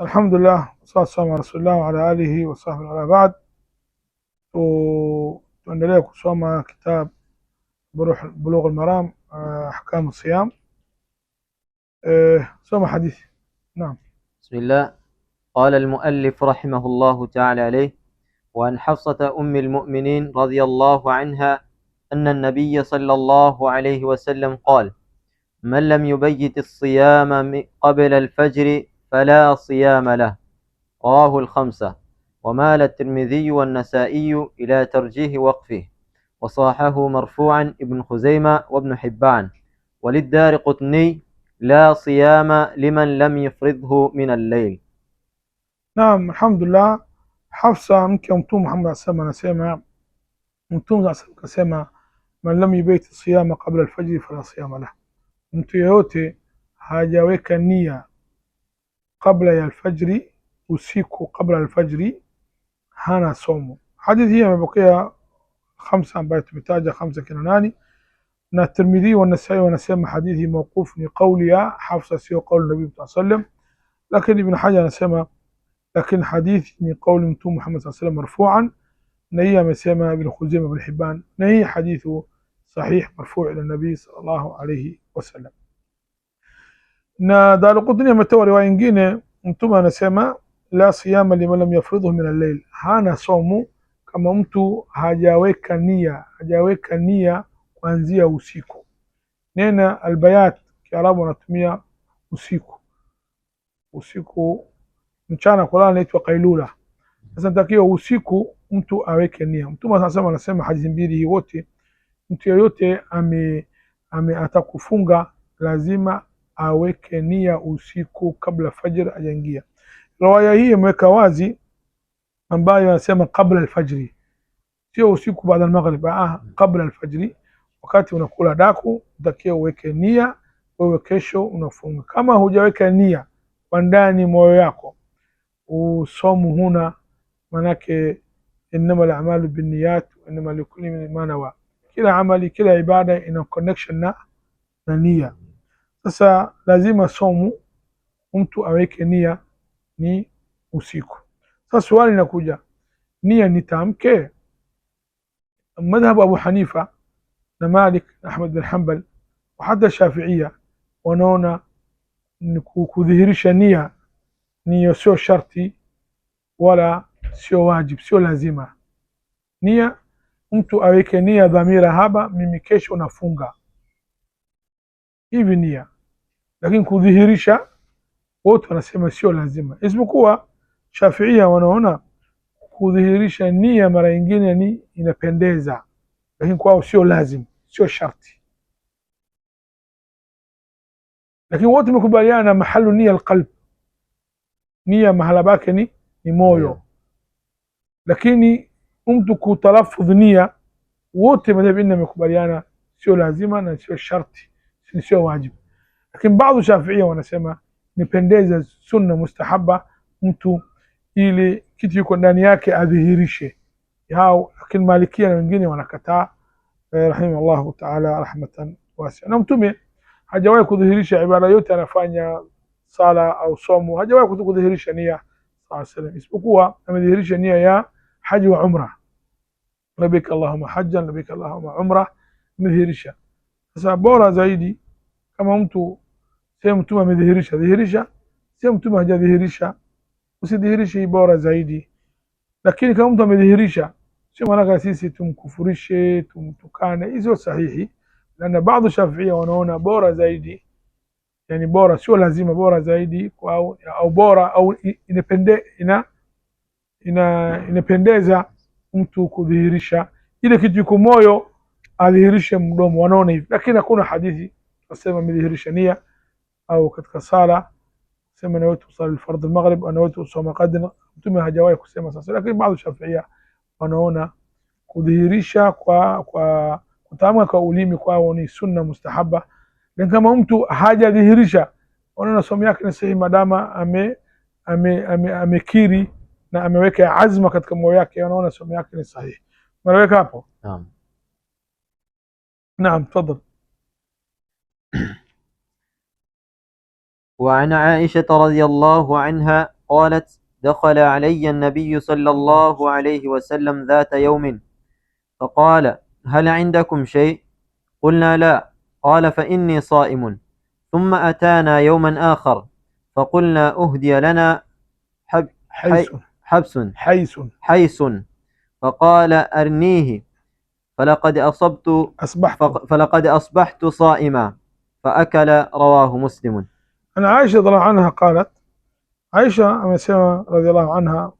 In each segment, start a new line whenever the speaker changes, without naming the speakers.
الحمد لله والصلاة والسلام على رسول الله وعلى آله وصحبه وعلى بعد وتوانى صوم كتاب بروح بلوغ المرام أحكام الصيام سوما حديث نعم
بسم الله قال المؤلف رحمه الله تعالى عليه وأن حفصة أم المؤمنين رضي الله عنها أن النبي صلى الله عليه وسلم قال من لم يبيت الصيام قبل الفجر فلا صيام له رواه الخمسة ومال الترمذي والنسائي إلى ترجيه وقفه وصاحه مرفوعا ابن خزيمة وابن حبان وللدار قطني لا صيام لمن لم يفرضه من الليل
نعم الحمد لله حفصة ممكن توم محمد السلام نسيمة ممكن توم نسيمة من لم يبيت الصيام قبل الفجر فلا صيام له أنت يوتي هاجا ويك النية قبل الفجر وسيكو قبل الفجر هانا صومو حديث هي مبقية خمسة بيت متاجة خمسة كنا ناني الترمذي والنسائي ونسيم حديثي موقوف قولي حفصة سيو قول النبي صلى الله عليه وسلم لكن ابن حاجة نسيم لكن حديثي من قول محمد صلى الله عليه وسلم مرفوعا نهي مسيمة بن خزيمة بن حبان نهي حديثه صحيح مرفوع إلى النبي صلى الله عليه وسلم na Darqutni ametoa riwaya nyingine, mtume anasema la siyama liman lam yafridhu min al-layl, hana somu kama mtu hajaweka nia, hajaweka nia kuanzia usiku. Nena albayat Kiarabu anatumia usiku, usiku mchana kulala inaitwa kailula. Sasa natakiwa usiku mtu aweke nia. Mtume anasema anasema hadithi mbili hii wote, mtu yeyote ame, ame atakufunga lazima aweke nia usiku kabla fajr ajaingia. Riwaya hii imeweka wazi ambayo anasema kabla alfajri, sio usiku baada ya maghrib. Ah, ah kabla alfajri, wakati unakula daku utakiwa uweke nia wewe, kesho unafunga. Kama hujaweka nia kwa ndani moyo yako, usomu huna manake, innama alamalu binniyat wa innama likulli ma nawa. Kila amali, kila ibada ina connection na na nia. Sasa lazima somu mtu aweke nia ni usiku. Sasa swali linakuja, nia nitamke? Madhhabu Abu Hanifa na Malik na Ahmad bin Hanbal na hata Shafiia wanaona kudhihirisha nia nia sio sharti wala sio wajib, sio lazima. Nia mtu aweke nia, dhamira haba, mimi kesho nafunga hivi nia, lakini kudhihirisha wote wanasema sio lazima, isipokuwa Shafiia wanaona kudhihirisha nia mara nyingine ni inapendeza, lakini kwao sio lazima, sio sharti. Lakini wote wamekubaliana mahalu nia alqalb, nia mahala pake ni ni moyo, lakini mtu kutalafudh nia, wote madhehebu nne wamekubaliana sio lazima na sio sharti sio wajibu. Lakini baadhi Shafiia wanasema nipendeza sunna mustahaba, mtu ili kitu yuko ndani yake adhihirishe yao, lakini Malikia na wengine wanakataa eh, rahimahullahu taala rahmatan wasia. Na Mtume hajawahi kudhihirisha ibada yote anafanya sala au somo, hajawahi kudhihirisha nia sallam, isipokuwa amedhihirisha nia ya haji wa umra, labik allahuma hajjan labik allahuma umra, amedhihirisha sasa bora zaidi kama mtu sehe Mtume amedhihirisha dhihirisha, sehemu Mtume hajadhihirisha usidhihirishe, bora zaidi. Lakini kama mtu amedhihirisha, sio maanake sisi tumkufurishe tumtukane, hizo sahihi. Na baadhi Shafiia wanaona bora zaidi, yani bora sio lazima, bora zaidi kwa au, au bora au inapende, ina, ina, inapendeza mtu kudhihirisha ile kitu iko moyo adhihirishe mdomo, wanaona hivi, lakini hakuna hadithi asema amedhihirisha nia au katika sala sema na wewe tusali fardhu al-maghrib usoma qadr, mtume hajawahi kusema sasa. Lakini baadhi shafiia wanaona kudhihirisha kwa kwa kutamka kwa ulimi kwao ni sunna mustahaba, lakini kama mtu hajadhihirisha, wanaona somo yake ni sahihi madama ame amekiri ame, ame, ame na ameweka azma katika moyo wake, wanaona somo yake ni sahihi. Maleweka hapo naam. نعم تفضل
وعن عائشة رضي الله عنها قالت دخل علي النبي صلى الله عليه وسلم ذات يوم فقال هل عندكم شيء قلنا لا قال فإني صائم ثم أتانا يوما آخر فقلنا أهدي لنا حب حبس حيس حيس فقال أرنيه فلقد أصبت أصبحت فلقد أصبحت صائما فأكل رواه مسلم
أنا عائشة رضي الله عنها قالت عائشة أم سلمة رضي الله عنها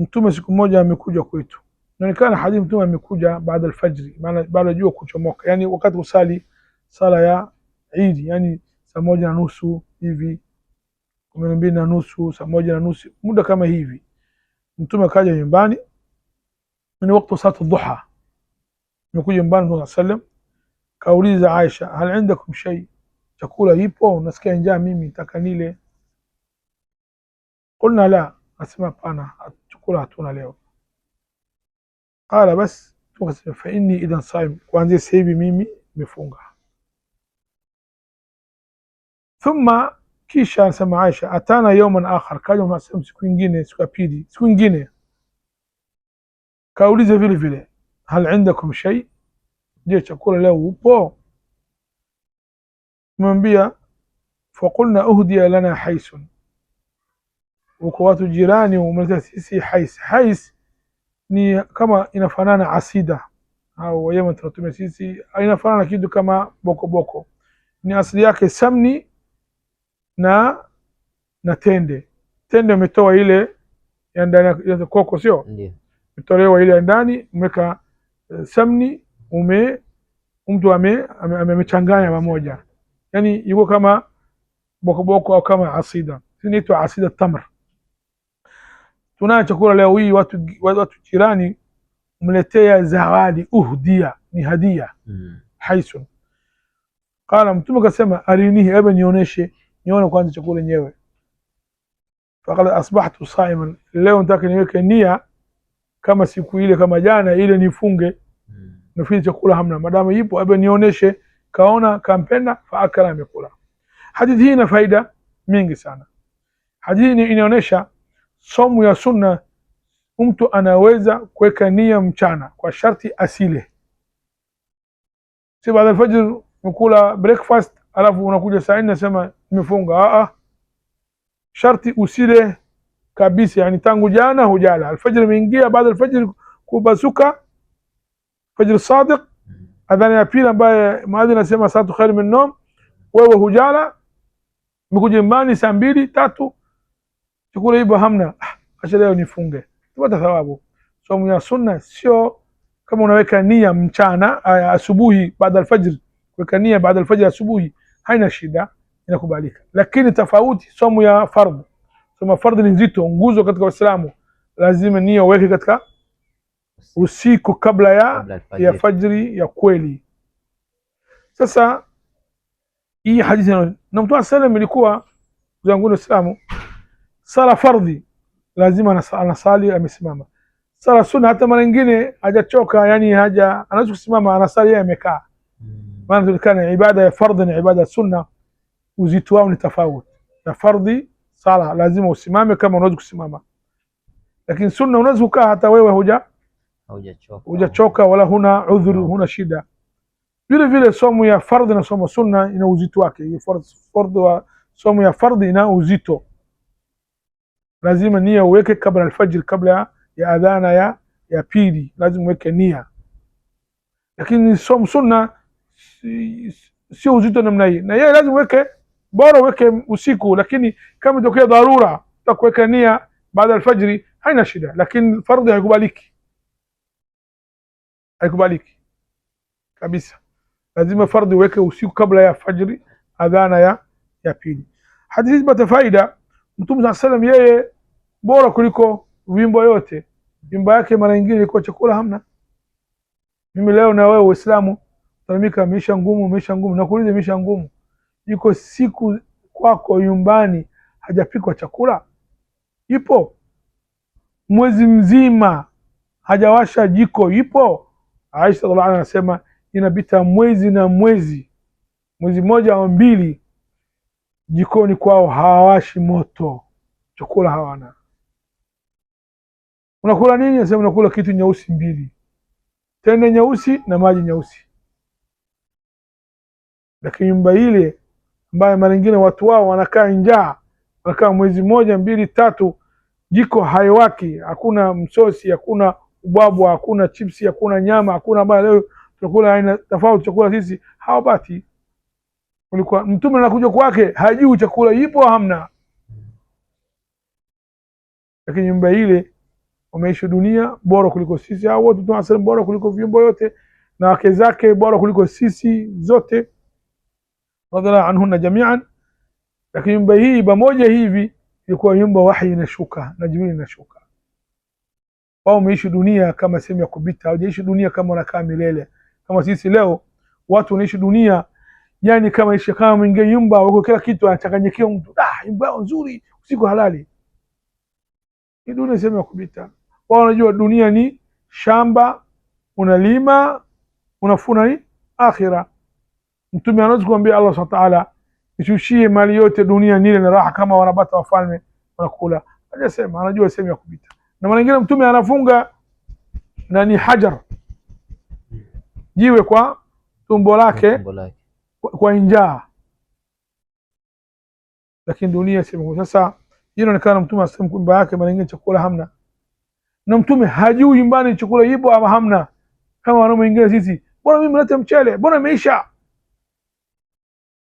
انتم سكون موجة ميكوجا كويتو يعني كان حديث انتم ميكوجا بعد الفجر بعد جوا كوشا موك يعني وقت وصالي صلاة عيد يعني سموجة نوسو هيفي من بين نوسو سموجة نوسو مدة كما هيفي انتم كاجا يمباني من وقت صلاة الضحى nimekuja nyumbani Mtume sallam kauliza Aisha, hal indakum shay, chakula ipo? Nasikia njaa mimi, nataka nile. Qulna la, asema hapana, chakula hatuna leo. Qala bas, tukasema fa inni idhan saim, kuanzia sasa hivi mimi nimefunga. Thumma kisha anasema Aisha, atana yawman akhar, kaja Mtume siku nyingine, siku ya pili, siku nyingine kauliza vile vile hal indakum shay, je chakula leo upo? Tumemwambia fakulna uhdiya lana haisun, uko watu jirani umeleta sisi hais. Hais ni kama inafanana asida au wayema tunatumia sisi, inafanana kitu kama bokoboko boko. Ni asili yake samni na na tende tende, umetoa ile ya ndani ya koko, sio? Ndio, umetolewa ile ya ndani umeweka Eh, samni ume mtu amechanganya ame, ame pamoja, yani yuko kama bokoboko au kama asida, inaitwa asida tamr. Tunayo chakula leo hii, watu watu jirani mletea zawadi, uhdia ni hadia mm. haisun Kala Mtume kasema arinihi, hebu nioneshe, nione kwanza chakula yenyewe. Faqad asbahtu saiman, leo nataka niweke nia kama siku ile kama jana ile nifunge mm. nifanye chakula hamna, madamu ipo abe nionyeshe, kaona kampenda, fa akala amekula. Hadithi hii ina faida mingi sana. Hadithi inaonyesha somo ya sunna, mtu anaweza kuweka nia mchana kwa sharti asile, si baada alfajr ukula breakfast alafu unakuja saa nne nasema nimefunga. a a Sharti usile kabisa, yani tangu jana hujala. Alfajiri imeingia, baada alfajiri kubasuka fajr sadiq, adhana ya pili ambaye maadhi nasema saatu khairu min nom. Wewe hujala, umekuja nyumbani saa mbili tatu, chakula hivyo hamna, ah, acha leo nifunge, tupata thawabu. Somo ya sunna sio kama unaweka nia mchana asubuhi, baada alfajiri, weka nia baada alfajiri asubuhi, haina shida, inakubalika. Lakini tofauti somo ya fardhu So fardhi ni nzito, nguzo katika Uislamu, lazima nia uweke katika usiku kabla ya kabla ya fajri ya kweli. Sasa hii hadithi na Mtume sallam ilikuwa zangu Uislamu, sala fardhi lazima anasali amesimama. Sala sunna hata mara nyingine hajachoka, yani haja anaweza kusimama anasali yeye amekaa. Hmm. Maana tulikana ibada ya fardhi na ibada ya sunna uzito wao ni tofauti. na fardhi sala lazima usimame kama unaweza kusimama, lakini sunna unaweza kukaa hata wewe huja hujachoka wala huna udhuru, huna shida. Vile vile somo ya fardhi na somo sunna ina uzito wake. fardhi wa somo ya fardhi ina uzito, lazima nia uweke kabla alfajiri, kabla ya adhana ya ya pili, lazima uweke nia. Lakini somo sunna sio uzito namna hii, na yeye lazima uweke bora uweke usiku, lakini kama itokea dharura utakuweka nia baada ya alfajiri, haina shida, lakini fardhi haikubaliki, haikubaliki kabisa. Lazima fardhi uweke usiku kabla ya fajiri, adhana ya ya pili. Hadithi zipata faida. Mtume saa salam yeye bora kuliko wimbo yote. Wimbo yake mara nyingine ilikuwa chakula hamna. Mimi leo na wewe Uislamu tunaamika maisha ngumu, maisha ngumu, nakuuliza maisha ngumu yuko siku kwako nyumbani hajapikwa chakula? Ipo? mwezi mzima hajawasha jiko? Ipo? Aisha radhiallahu anha anasema inapita mwezi na mwezi, mwezi mmoja au mbili, jikoni kwao hawawashi moto, chakula hawana. Unakula nini? Anasema unakula kitu nyeusi mbili, tende nyeusi na maji nyeusi, lakini nyumba ile ambaye mara nyingine watu wao wanakaa njaa, wanakaa mwezi mmoja mbili tatu, jiko haiwaki, hakuna msosi, hakuna ubwabwa, hakuna chipsi, hakuna nyama, hakuna baa. Leo tunakula aina tofauti chakula sisi, hawapati. Ulikuwa mtume anakuja kwake, hajui chakula ipo hamna, lakini nyumba ile wameishi dunia bora kuliko sisi hao watu tunasema bora kuliko viumbe yote, na wake zake bora kuliko sisi zote radhiallahu anhunna jamian. Lakini nyumba hii pamoja hivi ilikuwa nyumba wahi inashuka na Jibril inashuka. Wao wameishi dunia kama sehemu ya kupita, hawajaishi dunia kama wanakaa milele, kama sisi leo watu wanaishi dunia yani kama ishi kama mwingine nyumba wako kila kitu anachanganyikia mtu ah, nyumba yao nzuri, usiku halali. Ni dunia sehemu ya kupita. Wao wanajua dunia ni shamba, unalima unafuna ni akhira. Mtume anaweza kumwambia Allah subhanahu wa ta'ala, nishushie mali yote dunia nile na raha kama wanapata wafalme wanakula. Hajasema, anajua sehemu ya kupita. Na mara nyingine mtume anafunga na ni hajar jiwe kwa tumbo lake kwa, njaa, lakini dunia sema. Sasa hiyo inaonekana mtume asema kwamba yake mara nyingine chakula hamna, na mtume hajui nyumbani chakula ipo ama hamna, kama wanao wengine sisi, bora mimi nilete mchele, bora imeisha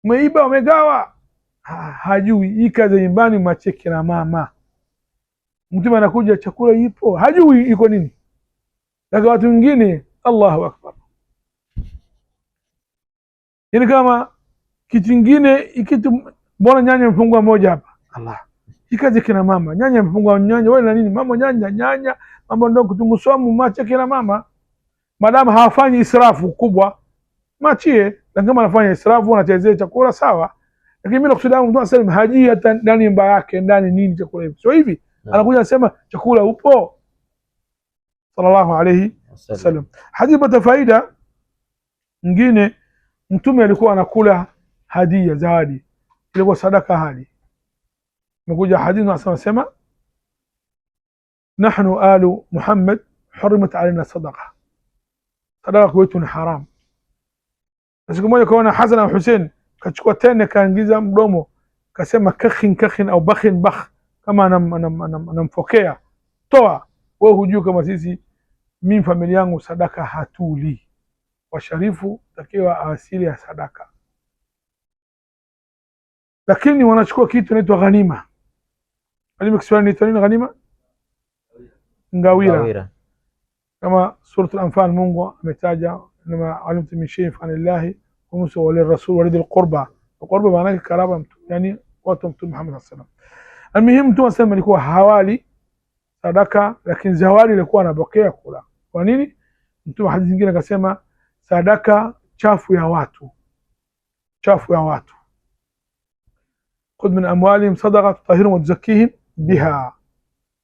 umeiba umegawa, ha, hajui hii kazi ya nyumbani, macheke na mama. mtume anakuja chakula ipo, hajui iko nini. Lakini watu wengine, Allahu akbar, yani kama kitu kingine ikitu, mbona nyanya amefungua moja hapa, Allah hii kazi kina mama, nyanya amefungua nyanya, wewe na nini mama, nyanya nyanya, mambo ndio kutungusomu, swamu, macheke na mama, madamu hawafanyi israfu kubwa machie na kama anafanya israfu anachezea chakula sawa, lakini mimi nakusudia mtu asema haji hata ndani nyumba yake ndani nini chakula hivi sio hivi, anakuja anasema chakula upo. Sallallahu alayhi wasallam. Hadithi bata faida nyingine, mtume alikuwa anakula hadia zawadi, ilikuwa sadaka hadi mkuja hadithi na sema nahnu alu Muhammad hurimat alaina sadaqa, sadaka kwetu ni haram Na siku moja ukaona Hasan al Hussein kachukua tende kaingiza mdomo kasema kakhin kakhin au bakhin bakh, kama anampokea toa wewe, hujui kama sisi mimi familia yangu sadaka hatuli. Washarifu takiwa asili ya sadaka, lakini wanachukua kitu inaitwa ghanima. Ghanima Kiswahili inaitwa nini? Ghanima ngawira, ngawira. Kama Suratul Anfal Mungu ametaja inama alimtu min shay'in fa anillahi wa Musa wa lirrasul wa lidil qurba qurba maana yake karaba mtu yani watu wa mtume Muhammad sallallahu alaihi sadaka lakini zawadi ilikuwa anapokea kula kwa nini mtume hadithi nyingine akasema sadaka chafu ya watu chafu ya watu khudh min amwalihim sadaqa tutahhiruhum wa tuzakkihim biha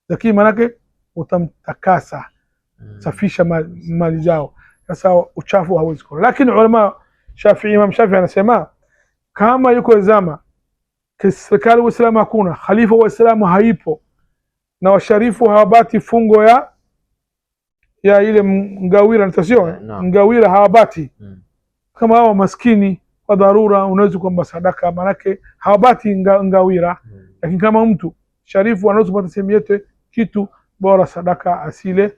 zakii maanake utamtakasa safisha mali zao sasa uchafu hauwezi kuona, lakini ulama Shafi, Imam Shafi anasema kama yuko zama serikali Waislamu hakuna khalifa wa Waislamu haipo na washarifu hawabati fungo ya ya ile mgawira nitasio eh, no. mgawira hawabati mm. kama hao maskini kwa dharura unaweza kuomba sadaka, manake hawabati nga, ngawira mm. lakini kama mtu sharifu anaweza kupata sehemu yote kitu bora sadaka asile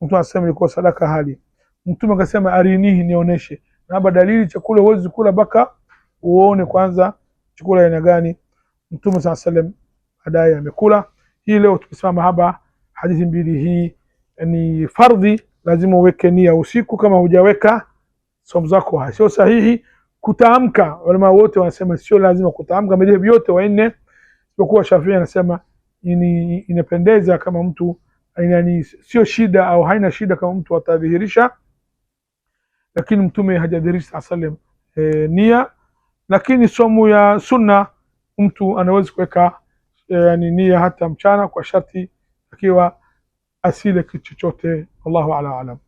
mtu aseme kwa sadaka hali Mtume akasema arinihi, nionyeshe. Na hapa dalili, chakula huwezi kula mpaka uone kwanza chakula aina gani. Mtume saa sallam baadaye amekula. Hii leo tukisimama hapa, hadithi mbili hii ni fardhi, lazima uweke nia usiku. Kama hujaweka somo zako sio sahihi. kutamka. walama wote wanasema sio lazima kutamka, madhehebu yote wanne, isipokuwa Shafii anasema ini, inapendeza kama mtu, sio shida au haina shida kama mtu atadhihirisha lakini mtume hajadhihirisha saa salam e, nia. Lakini somu ya sunna mtu anaweza kuweka e, yani nia hata mchana kwa sharti akiwa asile kitu chochote. Wallahu ala alam.